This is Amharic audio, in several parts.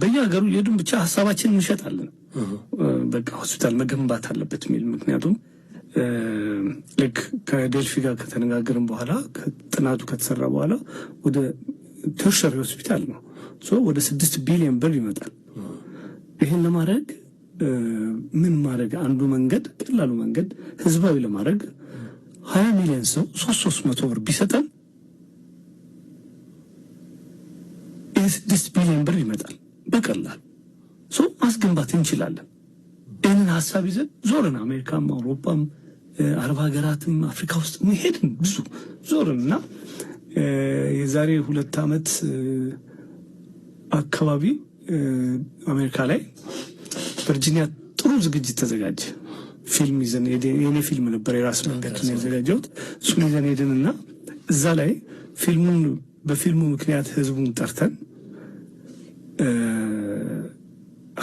በየሀገሩ የሄዱን ብቻ ሀሳባችን እንሸጣለን። በቃ ሆስፒታል መገንባት አለበት የሚል ምክንያቱም ልክ ከዴልፊ ጋር ከተነጋገርን በኋላ ጥናቱ ከተሰራ በኋላ ወደ ተርሸሪ ሆስፒታል ነው ወደ ስድስት ቢሊዮን ብር ይመጣል። ይህን ለማድረግ ምን ማድረግ አንዱ መንገድ ቀላሉ መንገድ ህዝባዊ ለማድረግ ሀያ ሚሊዮን ሰው ሶስት ሶስት መቶ ብር ቢሰጠን ይህ ስድስት ቢሊዮን ብር ይመጣል። በቀላል ሰው ማስገንባት እንችላለን። ይህንን ሀሳብ ይዘን ዞርን፣ አሜሪካም፣ አውሮፓም፣ አረብ ሀገራትም አፍሪካ ውስጥ መሄድን ብዙ ዞርን እና የዛሬ ሁለት ዓመት አካባቢ አሜሪካ ላይ ቨርጂኒያ ጥሩ ዝግጅት ተዘጋጀ። ፊልም ይዘን የኔ ፊልም ነበር የራስ መንገድ ያዘጋጀሁት እሱን ይዘን ሄድን እና እዛ ላይ ፊልሙን በፊልሙ ምክንያት ህዝቡን ጠርተን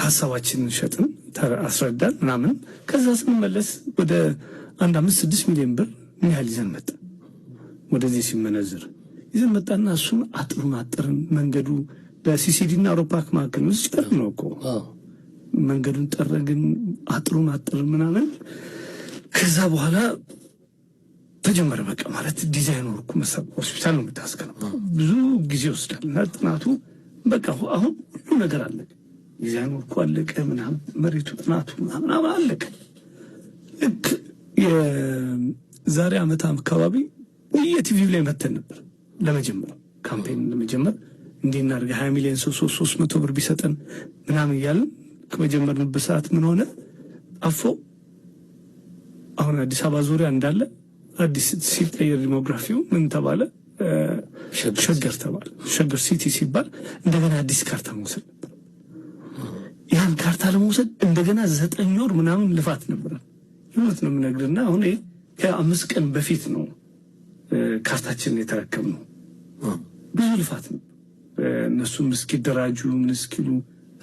ሀሳባችንን ሸጥን አስረዳን ምናምን። ከዛ ስንመለስ ወደ አንድ አምስት ስድስት ሚሊዮን ብር ያህል ይዘን መጣ። ወደዚህ ሲመነዝር ይዘን መጣና እሱን አጥሩን አጥርን መንገዱ በሲሲዲና አውሮፓክ መካከል ውስጥ ቅርብ ነው እኮ መንገዱን ጠረግን፣ አጥሩን አጥርን ምናምን። ከዛ በኋላ ተጀመረ በቃ ማለት ዲዛይን ወርኩ ሆስፒታል ነው የምታስገነባው ብዙ ጊዜ ወስዳል እና ጥናቱ በቃ አሁን ሁሉ ነገር አለ። ሚዛኑ እኮ አለቀ ምናምን፣ መሬቱ ጥናቱ ምናምን አለቀ። ልክ የዛሬ ዓመት አካባቢ የቲቪ ላይ መተን ነበር ለመጀመር ካምፔን ለመጀመር እንዲህ እናድርግ ሀያ ሚሊዮን ሰው ሶስት ሶስት መቶ ብር ቢሰጠን ምናምን እያለን ከመጀመርንበት ሰዓት ምን ሆነ አፎ አሁን አዲስ አበባ ዙሪያ እንዳለ አዲስ ሲቀየር ዲሞግራፊው ምን ተባለ? ሸገር ተባለ። ሸገር ሲቲ ሲባል እንደገና አዲስ ካርታ መውሰድ ያን ካርታ ለመውሰድ እንደገና ዘጠኝ ወር ምናምን ልፋት ነበረ። ህይወት ነው የምነግርና አሁን ከአምስት ቀን በፊት ነው ካርታችንን የተረከብነው። ብዙ ልፋት ነው። እነሱም እስኪደራጁ ምን እስኪሉ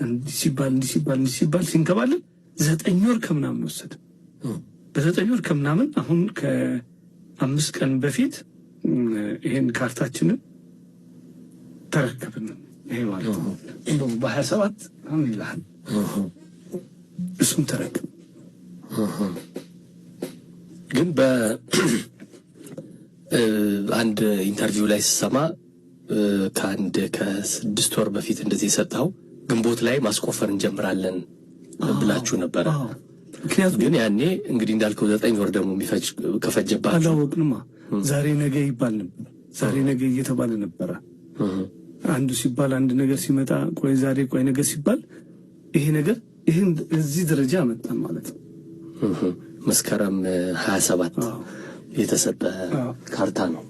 እንዲህ ሲባል እንዲህ ሲባል እንዲህ ሲባል ሲንከባልን ዘጠኝ ወር ከምናምን ወሰድ። በዘጠኝ ወር ከምናምን አሁን ከአምስት ቀን በፊት ይህን ካርታችንን ተረከብንን። ይሄ ማለት ነው። በሀያ ሰባት ይልሃል እሱም ግን በአንድ ኢንተርቪው ላይ ስሰማ ከአንድ ከስድስት ወር በፊት እንደዚህ የሰጠው ግንቦት ላይ ማስቆፈር እንጀምራለን ብላችሁ ነበረ። ምክንያቱም ግን ያኔ እንግዲህ እንዳልከው ዘጠኝ ወር ደግሞ የሚፈጅ ከፈጀባቸው አላወቅንማ። ዛሬ ነገ ይባል ነበር። ዛሬ ነገ እየተባለ ነበረ አንዱ ሲባል አንድ ነገር ሲመጣ ቆይ ዛሬ ቆይ ነገር ሲባል ይሄ ነገር ይህን እዚህ ደረጃ መጣን ማለት ነው። መስከረም ሀያ ሰባት የተሰጠ ካርታ ነው።